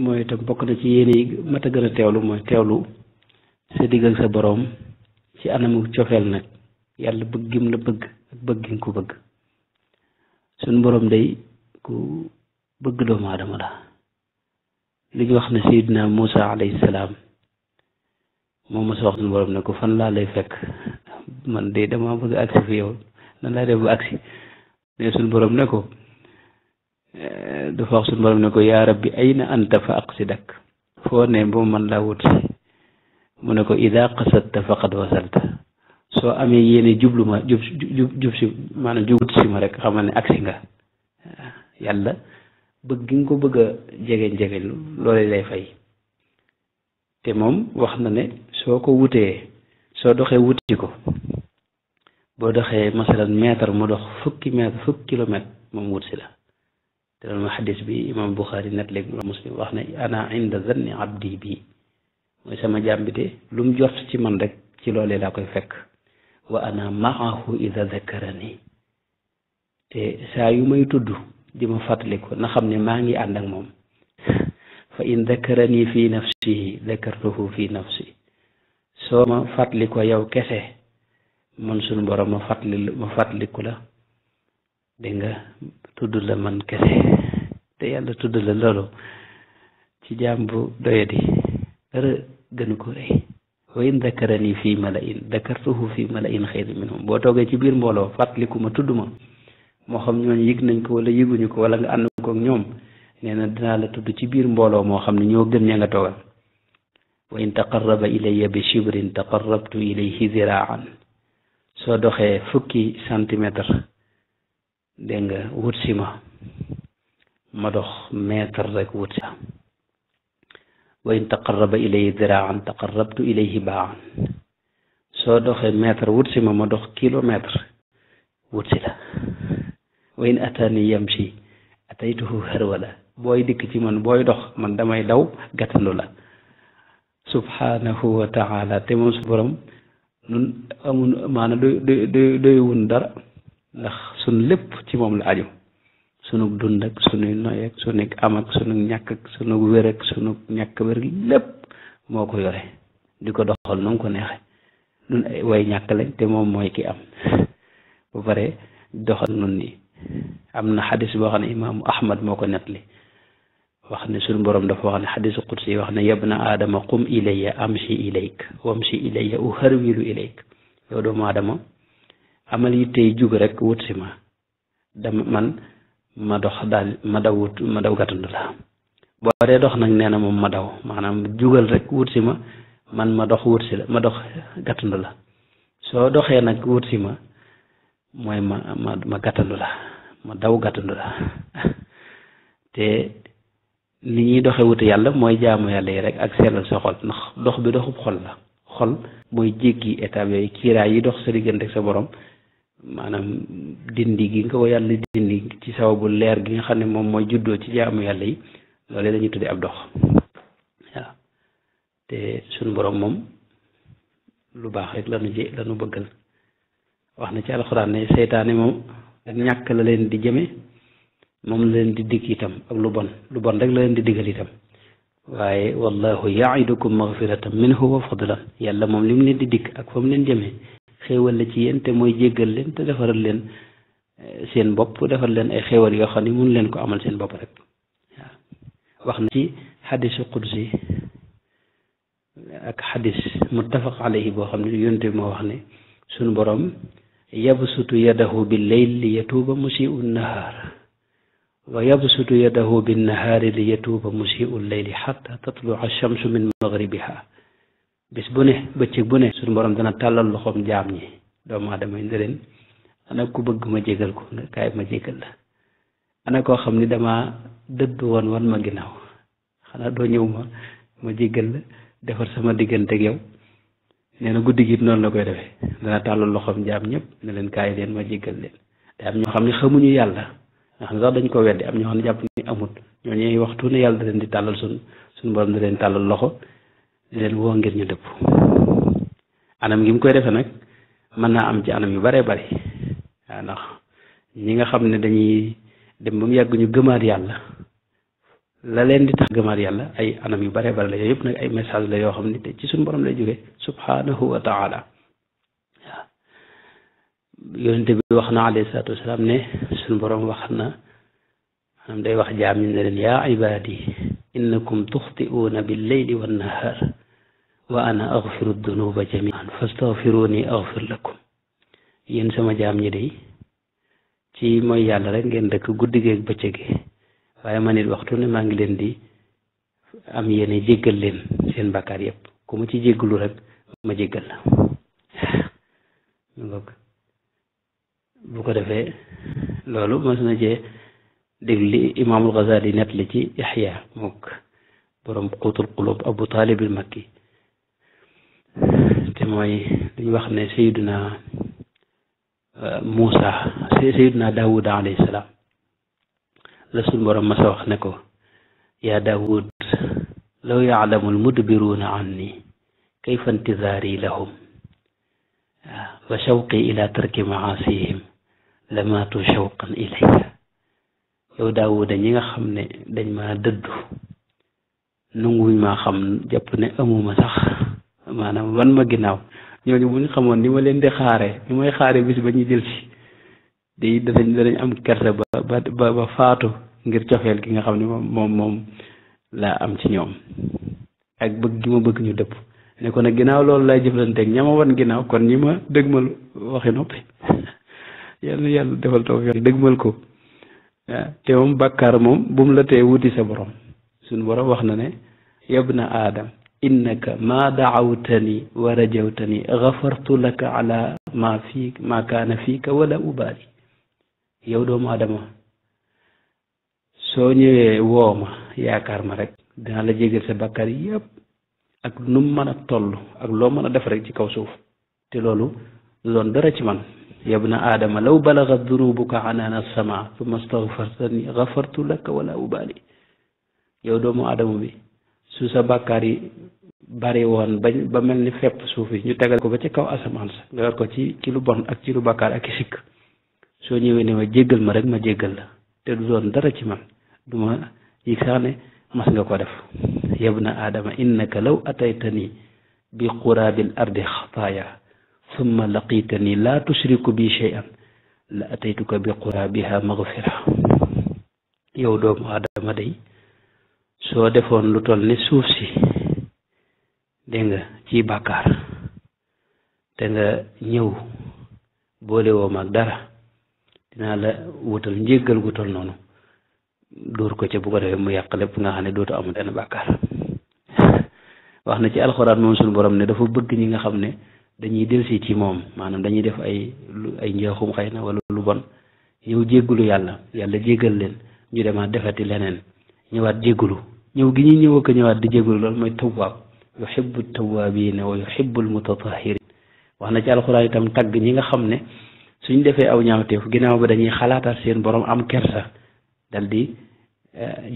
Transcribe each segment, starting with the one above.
mooy itam bokk na ci yéene yi mat a gën a teewlu mooy teewlu sa digg sa boroom ci anamu cofeel nag yàlla bëggim la bëgg ak bëggim ko bëgg suñ boroom day ku bëgg doomu aadama la li wax ne Seydina Moussa alayhi salaam moom ma sa wax suñu boroom ne ko fan laa lay fekk man de dama bëgg agsi fi yow nan laa def ba agsi ne suñu boroom ne ko Eh, dafa wax suñu borom ne ko yaa rabbi ayna anta fa aqsidak foo ne bu man laa wuti mu ne ko ida qasadta faqad wasalta soo amee yéene jublu ma jub jub jub si si ma rek xamal ne agsi nga eh, yàlla bëgg gi nga ko bëgg a jegeñ jegeñ lu loolu lay fay te moom wax na ne soo ko wutee soo doxee wuti ko boo doxee masalan mètre mu dox fukki mètre fukki kilomètre moom wut la te loolu mooy xadis bi imam Buxaari net léeg muslim wax ne ana inda zanni abdi bi mooy sama jàmbite lu mu jot ci man rek ci loolee laa koy fekk wa ana maahu ida zakarani te saa yu may tudd di ma fàttaliku na xam ne maa ngi ànd ak moom fa in zakarani fi nafsihi zakartuhu fi nafsi soo ma fàttalikoo yow kese man sunu borom ma fàttali la dégg tudd la man kese te yàlla tudd la loolu ci jaam bu doyadi dara gënu ko rëy wa in dakarani fii mala in dakartuhu fii mala in xayri minhum boo toogee ci biir mbooloo fàttaliku ma tudd ma moo xam ñooñu yëg nañ ko wala yëguñu ko wala nga ànd ko ñoom nee na dinaa la tudd ci biir mbooloo moo xam ne ñoo gën ña nga toogal wa in taqarraba ilayya bi shibrin taqarrabtu ilayhi ziraan soo doxee fukki centimètre dégg nga wut si ma ma dox mètre rek wut si ma wa in taqarraba ilayhi diraan soo doxee mètre wut si ma ma dox kilomètre wut si la wa in atani yamshi ataytuhu harwala booy dikk ci man booy dox man damay daw gàttandu la subhanahu wa taala te moom maana doy doy doy ndax sunu lépp ci moom la ajo sunu dund ak sunuy noy ak sunu am ak sunu ñàkk ak sunu wér sunu ñàkk wér lépp moo ko yore di ko doxal nu ko neexe nun way ñàkk lañ te moom mooy ki am ba pare doxal nun nii am na xadis boo xam ne imaamu ahmad moo ko nettali wax ne suñu borom dafa wax ne xadisu qudsi yi wax ne yabna aadama qum ilayya amshi ilayk wamshi ilayya uharwilu ilayk yow doomu aadama amal yi tey jug rek wut si ma dama man ma dox daal ma daw gàttandu la boo dee dox nag nee na moom ma daw maanaam jugal rek wut si ma man ma dox wut si la ma dox gàttandu la soo doxee nag wut si ma mooy ma ma ma ma daw gàttandu te ni ñuy doxe wute yàlla mooy jaamu yàlla yi rek ak seetlal sa xol ndax dox bi doxub xol la xol mooy jéggi état yooyu kiiraay yi dox sa diggante sa borom maanaam dindi gi nga ko yàlla dindi ci sababu leer gi nga xam ne moom mooy juddoo ci jaamu yàlla yi loolee dañuy tuddee ab dox boroom moom lu baax rek lanu ji lanu bëggal wax na ci alxuraan ne seytaane moom ak ñàkk la leen di jëme moom la leen di digg itam ak lu bon lu bon rek la leen di diggal itam waaye wallahu yaidukum magfiratan minhu wa fadlan yàlla moom li mu leen di dikk ak fa mu leen jëmee xewal la ci yéen te moy jéggal leen te defaral leen seen bopp defal leen ay xewal yoo xam ne mun leen ko amal seen bopp rek wax na ci xadisu qudsi ak xadis muttafaq alayhi boo xam ne yonte bi moo wax ne sunu borom yabsutu yadahu bil layl li yatuba musiu nahar wa yabsutu yadahu bin nahaari li yatuba musiu layli xata tatluca alchamsu min magribiha bis bu ne bëccëg bu ne suñu boroom dana tàllal loxoom jaam ñi doomu aadama yi ne leen ana ku bëgg ma jégal ko nga kaay ma jégal la ana koo xam ni dama dëdd woon wan ma ginnaaw xanaa doo ñëw ma ma jégal la defar sama diggante ak nee na guddi gi noonu la koy defee dana tàllal loxoom jaam ñëpp ne leen kaay leen ma jégal leen te am ñoo xam ne xamuñu yàlla ndax xam ne dañ ko weddi am ñoo xam ne jàpp ni amut ñoo ñuy waxtu ne yàlla da leen di tàllal sun suñu borom da leen tàllal loxo di leen woo ngir ñu dëpp anam gi mu koy defee nag mën naa am ci anam yu baree bari waaw ndax ñi nga xam ne dañuy dem ba mu yàgg ñu gëmaat yàlla la leen di tax gëmaat yàlla ay anam yu bare bari la yooyu yëpp nag ay message la yoo xam ne te ci suñu borom lay jóge subhanahu wa taala waaw wax na alayhi salaatu wasalaam ne suñu borom wax na maanaam day wax jaam ñu ne leen yaa ibaadi innakum tuxti'uuna bil layli wan wa ana axfiru dunuba jamian fastaxfiruni axfir lakum yéen sama jaam ñi dey ci mooy yàlla rek ngeen dëkk guddi geeg bëccëg waaye man waxtu ne maa ngi leen di am yéene jéggal leen seen bàkkaar yépp ku ma ci jéggalu rek ma jéggal la bu ko defee loolu mas na jee dégli imaamul Ghazali nett li ci Ihya mook borom xuutul Abu Taalib al Makki te mooy dañu wax ne sayiduna Moussa sayiduna Daawud alayhi salaam la suñ borom masa wax ne ko yaa Daawud law yaalamu almudbiruuna anni kayfa intizaari lahum wa shawqi ila tarki maasihim lamaatu shawqan ilayya yow daawuda ñi nga xam ne dañ ma dëddu nanguwuñ maa xam jàpp ne amuma sax maanaam wan ma ginnaaw ñooñu bu ñu xamoon ni ma leen di xaare ñu may xaare bis ba ñu jël si day danañ danañ am kersa ba ba ba faatu ngir cofeel ki nga xam ne moom moom moom laa am ci ñoom ak bëgg gi ma bëgg ñu dëpp ne ko nag ginnaaw loolu laay jëflanteeg ña ma ginnaaw kon ñi ma dëgmal waxi noppi yàlla yàlla defal toog yoon dëgmal ko ah, te moom bàkkaar moom bu mu la tee wuti sa borom suñu borom wax na ne yab na aadam innaka ma daawtani wa rajawtani gafartu laka ala ma fii ma kaana fiika wala ubaali yow doomu adama soo ñëwee woo ma yaakaar ma rek dinaa la jégal sa bàkkaar yépp ak nu mën a toll ak loo mën a def rek ci kaw suuf te loolu du doon dara ci man yabna aadama law balagat dunubuka anaana sama summa stagfartani gafartu laka wala ubaali yow doomu adama bi su sa bakkaar yi bari woon ba mel ni fepp suuf yi ñu tegal ko ba ci kaw asamaan sa nga war ko ci ci lu bon ak ci lu bàkkaar ak i sikk soo ñëwee ne ma jéggal ma rek ma jéggal la te du doon dara ci man du ma yëg sax ne mas nga ko def yabna aadama innaka law ataytani bi quraabil ardi xataaya summa laqitani laa tushriku bi shay'an la ataytuka bi quraabiha maghfira yow doomu aadama day soo defoon lu toll ni suuf si dégg nga ci bàkkaar te nga ñëw boole woo mag dara dinaa la wutal njéggal gu toll noonu dóor ko ca bu ko defee mu yàq lépp nga xam ne dootu amul benn bàkkaar wax na ci alxuraan moom suñu borom ne dafa bëgg ñi nga xam ne dañuy si ci moom maanaam dañuy def ay ay njeexum xëy na wala lu bon ñëw jéggulu yàlla yàlla jéggal leen ñu demaat defati leneen ñëwaat jéggulu ñëw gi ñuy ñëw ak a ñëwaat di jégalu loolu mooy tawwaab yuhibbu tawaabiina wa yuhibbu almutatahhirin wax na ci alxuraan itam tagg ñi nga xam ne suñ defee aw ñaawteef ginnaaw ba dañuy xalaataat seen borom am kersa dal di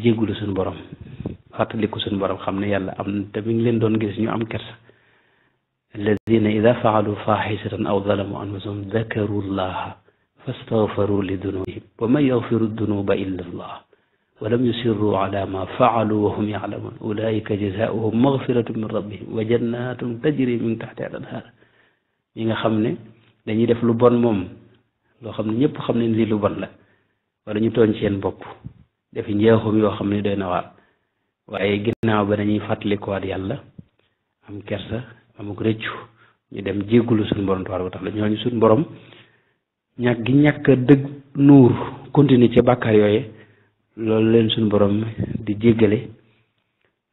jégalu suñu borom fàttaliku suñu borom xam ne yàlla am na te mi ngi leen doon gis ñu am kersa alladina ida faalu faaxisatan aw zalamu anfusahum dakaru llaha fastaxfaru li dunubihim wa man yaxfiru dunuba illa allah walam yusirru ala ma faalu wa hum yalamun ulaika jazaauhum magfiratun min rabbihim wa jannatun tajri min taxti al nga xam ne dañuy def lu bon moom loo xam ne ñëpp xam ne lii lu bon la wala ñu tooñ seen bopp defi njeexum yoo xam ne doy na waar waaye ginnaaw ba dañuy fàttalikuwaat yàlla am kersa amuk rëccu ñu dem jéggulu suñu borom tabaaraka tax la ñooñu suñu borom ñàkk gi ñàkk dëgg nuur continuer ci bàkkaar yooye loolu leen suñu borom di jéggale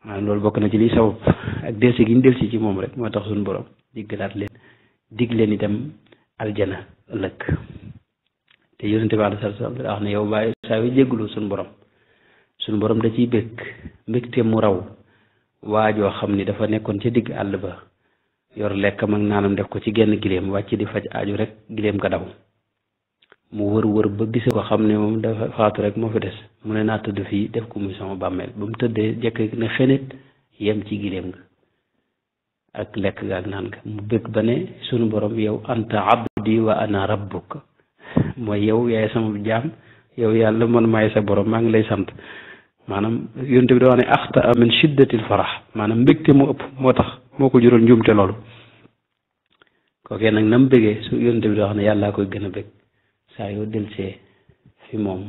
maanaam loolu bokk na ci liy sabab ak delsi gi ñu delsi ci moom rek moo tax suñu borom jéggalaat leen digg leen itam aljana ëllëg te yonente bi alayhi salaam wax ne yow bàyyi saa yu jégglu suñu borom suñu borom da ciy bëgg mbégte mu raw waajoo xam ni dafa nekkoon ca digg àll ba yor lekkam ak naanam def ko ci genn gileem wàcc di faj aaju rek gileem ga daw mu wër wër ba gise ko xam ne moom dafa faatu rek moo fi des mu ne naa tëdd fii def ko muy sama bàmmeel ba mu tëddee jekk ne xenit yem ci gileem nga ak lekk ga ak naan nga mu bëgg ba sunu borom yow anta abdi wa ana mooy yow yaay sama jaam yow yàlla man maay sa borom maa ngi lay sant maanaam yonent bi da wax ne maanaam mbégte mu ëpp moo tax moo ko jural njuumte loolu kookee nag nam bëggee su yonent bi da wax ne yàllaa koy gën a bëgg saa yoo delsee fi moom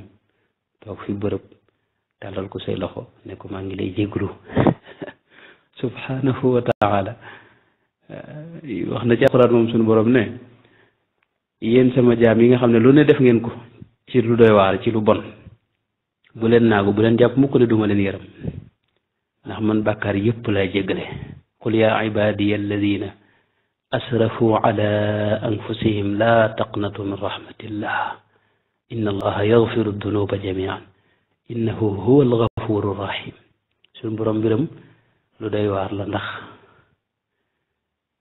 toog fi bërëb tàllal ko say loxo ne ko maa ngi lay jéglu subhanahu wa taala eh, wax na ci alxuraan moom suñu borom ne yéen sama jaam yi nga xam ne lu ne def ngeen ko ci lu doy waar ci lu bon bu leen naagu bu leen jàpp mukk ne duma leen yaram ndax man bàkkaar yépp lay jéggale qul yaa ibaadiya alladina أسرفوا على أنفسهم لا تقنطوا من رحمة الله إن الله يغفر الذنوب جميعا إنه هو الغفور الرحيم سن برم برم لدي وار لنخ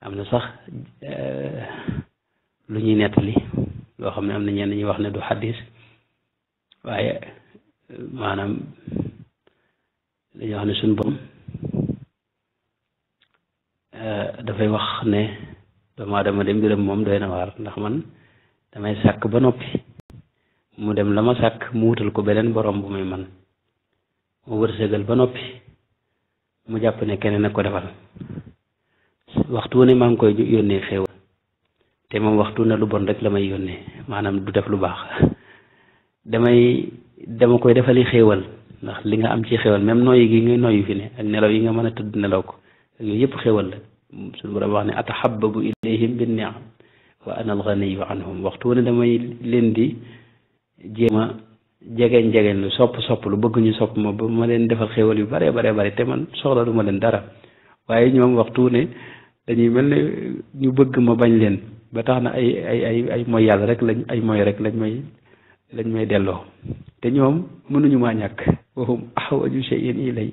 أمن صخ آه، لني نتلي وخم أمن نيان وخنا دو حديث وعي معنا لجوان سن برم آه، دفعي وخنا doomu aadama de mbiram moom doy na waar ndax man damay sàkk ba noppi mu dem la ma sàkk mu wutal ko beneen borom bu muy man mu wërsëgal ba noppi mu jàpp ne keneen ak ko defal waxtu wu ne maa ngi koy yónnee xéewal te moom waxtu na lu bon rek la may yónnee maanaam du def lu baax damay dama koy defali xéewal ndax li nga am ci xéewal même nooyi gi nga noyu fi ne ak nelaw yi nga mën a tëdd nelaw ko ak yooyu yëpp xewal la suñu borom wax ne ataxababu ilayhim bin niam wa ana alganiyu anhum waxtu wu ne damay leen di jéema jegeñ jegeñ lu sopp sopp lu bëgg ñu sopp ma ba ma leen defal xéwal yu bare bare bare te man soxla du ma leen dara waaye ñoom waxtu ne dañuy mel ne ñu bëgg ma bañ leen ba tax na ay ay ay ay mooy yàlla rek lañ ay mooy rek lañ may lañ may delloo te ñoom mënuñu maa ñàkk wahum ahwaju shay'in ilay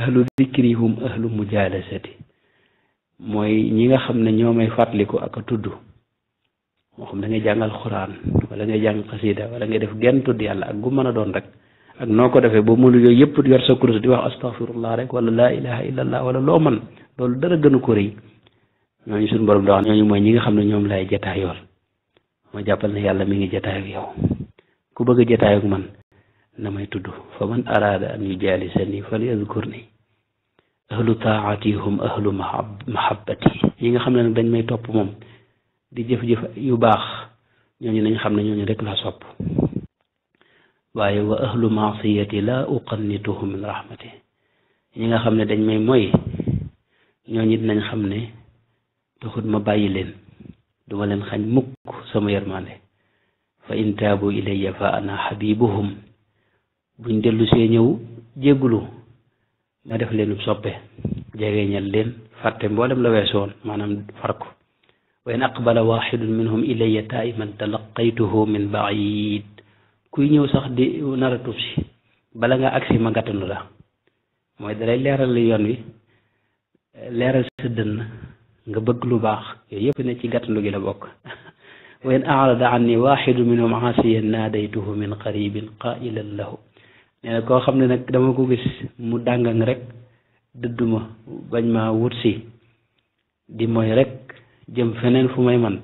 ahlu dikri hum ahlu mujalasati mooy ñi nga xam ne ñoo may fàttaliku ak a tudd moo xam da jàngal xuraan wala ngay jàng xasida wala ngay def genn tudd yàlla ak gu mën a doon rek ak noo ko defee ba mënul yooyu yëpp yor sa kurus di wax astaghfirullah rek wala laa wala loo man loolu dara gënu ko rëy ñooñu suñu borom da wax ñooñu mooy ñi nga xam ne ñoom laay jataayool ma jàppal ne yàlla mi ngi jataay ak ku bëgg a jataay man na may tudd fa man araada an yujaalisani falyazkurni ahlu taati hum ahlu mahabbati yi nga xam ne nag dañ may topp moom di jëf-jëf yu baax ñooñu nañ xam ne ñooñu rek laa sopp waaye wa ahlu maasiyati laa uqannituhum min rahmati ñi nga xam ne dañ may mooy ñooñu it nañ xam ne taxut ma bàyyi leen duma leen xañ mukk sama yermande fa in taabu fa ana xabibuhum buñ dellu see ñëw jégglu na def leen soppe jegeñal leen fàtte mboolem la weesoon maanaam farko wa in aqbala waxidun minhum ilayya taiman talaqaytuhu min baid kuy ñëw sax di nar a bala nga agsi ma gàttanu la mooy dalay leeral yoon wi leeral sa dënn nga bëgg lu baax yooyu yëpp ne ci gàttandu gi la bokk wa in arada anni waxidun minhum aasiyan naadaytuhu min qaribin qailan lahu nee koo xam ne nag dama ko gis mu dàngang rek dëdduma bañ ma wut di mooy rek jëm feneen fu may man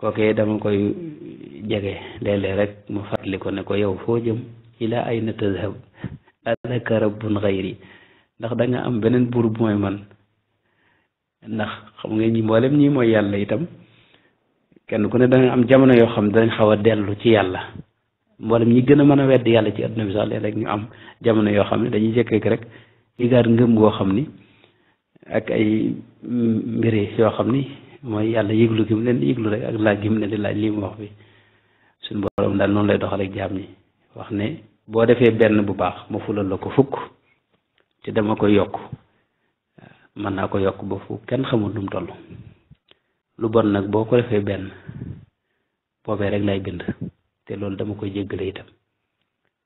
kookee dama koy jege léeg rek ma fàttali ko ne ko yow foo jëm ay ayna tadhab alaka rabbun xayri ndax da am beneen buur bu may man ndax xam nga ñi mboolem ñi mooy yàlla itam kenn ku ne danga am jamono yoo xam dañ xaw a dellu ci yàlla mboolem ñi gën a mën a wedd yàlla ci adduna bi sax léeg-léeg ñu am jamono yoo xam ne dañuy jékki rek igaar ngëm goo xam ni ak ay mbiri yoo xam ni mooy yàlla yëglu gi mu leen yëglu rek ak laaj gi mu leen di laaj lii mu wax bi suñ borom daal noonu lay doxal ak jaam ñi wax ne boo defee benn bu baax ma fulal la ko fukk te dama koy yokk mën naa ko yokk ba fu kenn xamul nu mu toll lu bon nag boo ko defee benn boobee rek lay bind te loolu dama koy jéggale itam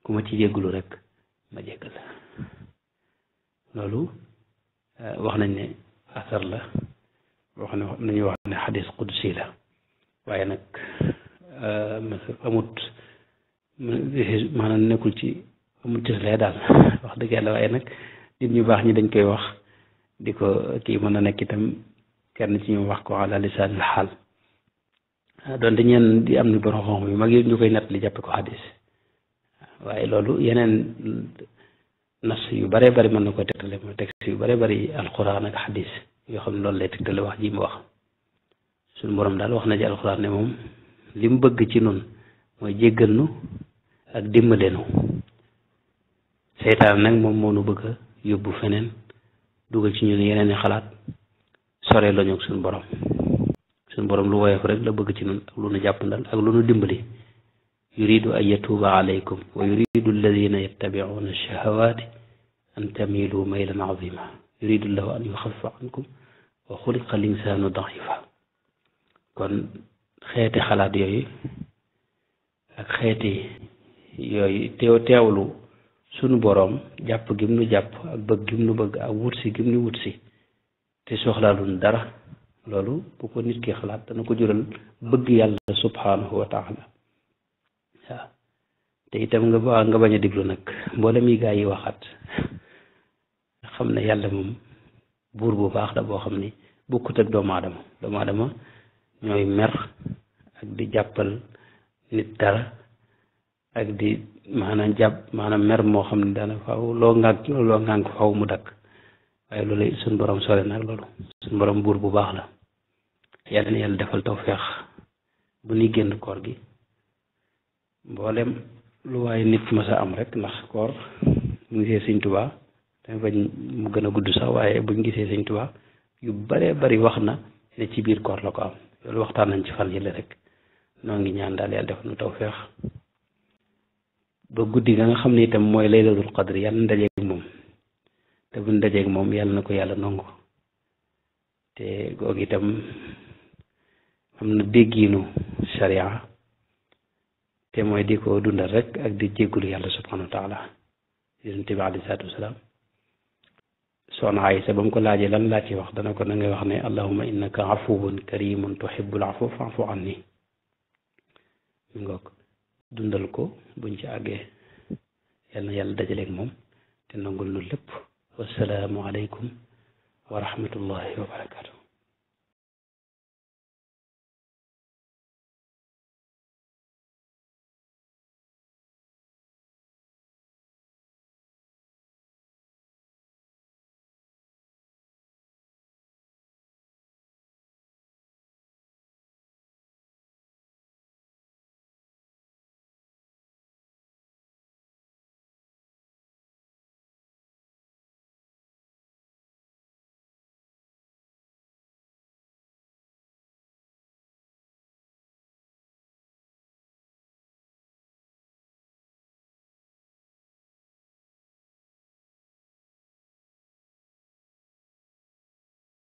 ku ma ci jéggalu rek ma jéggal loolu euh, wax nañ ne asar la wax nañu wax ne xadis qudsi la waaye nag euh, amut maanaam nekkul ci amut tislee daal wax dëgg yàlla waaye nag nit ñu baax ñi dañ koy wax di ko kii mën a nekk itam kenn ci ñu wax ko ala lisaanil xaal donte ñeen di am na borom xam yu mag yi ñu koy nett li jàppe ko xadis waaye loolu yeneen nas yu bare bari mën na koy tegtale mooy texte yu bare bari alquran ak xadis yoo xam ne loolu lay tegtale wax ji mu wax suñu borom daal wax na ci alquran ne moom li mu bëgg ci noonu mooy jéggal nu ak dimbale seytaan nag moom moo nu bëgg a yóbbu feneen dugal ci ñun yeneen i xalaat sore lañu ak borom sun borom lu woyof rek la bëgg ci nun ak lu nu jàppandal ak lu nu dimbali yuridu an yatuba alaykum wa yuridu alladhina yattabi'una ash alchahawaati an tamilu maylan azima yuridu allahu an yukhaffifa ankum wa khuliqa al-insanu dha'ifa kon xeeti xalaat yooyu ak xeeti yooyu teew teewlu sunu borom jàpp gim nu jàpp ak bëgg gim nu bëgg ak wutsi gim nu wutsi te soxlaaluñ dara loolu bu ko nit ki xalaat dana ko jural bëgg yàlla subhaanahu wa taala waaw te itam nga ba nga bañ a diglu nag mboolem yi gaa yi waxaat xam ne yàlla moom buur bu baax la boo xam ni bokkut ak doomu aadama doomu aadama ñooy mer ak di jàppal nit dara ak di maanaam jàpp maanaam mer moo xam ne daana faw loo ngànk loo ngànk faw mu dakk waaye loolu suñ borom sore nag loolu suñ borom buur bu baax la yàlla na yàlla defal tawféex bu ñuy génn koor gi mbooleem lu waaye nit ma a am rek ndax koor mu gisee sëñ tubaa tamit bañ mu gën a gudd sax waaye buñ gisee sëñ tubaa yu baree bari wax na ne ci biir koor la ko am loolu waxtaan nañ ci fan yële rek noo ngi ñaan daal yàlla defal nu tawféex ba guddi ga nga xam ne itam mooy laylatul qadr yàlla na dajeeg moom te buñ dajeeg moom yàlla na ko yàlla nangu te googu itam amna na sharia te moy diko dundal rek ak di jéggulu yàlla subhanahu wa taala yeen bi alei salatu wasalaam soxna Aysa ba bam ko laaje lan la ci wax dana ko nangay wax ne allahumma innaka afuwun karimun tuhibbul afu fa'fu anni ngok dundal ko buñ ci agge yalla yalla dajale ak mom te nangul lu lépp wasalaamu alaykum wa rahmatullahi wa barakatuh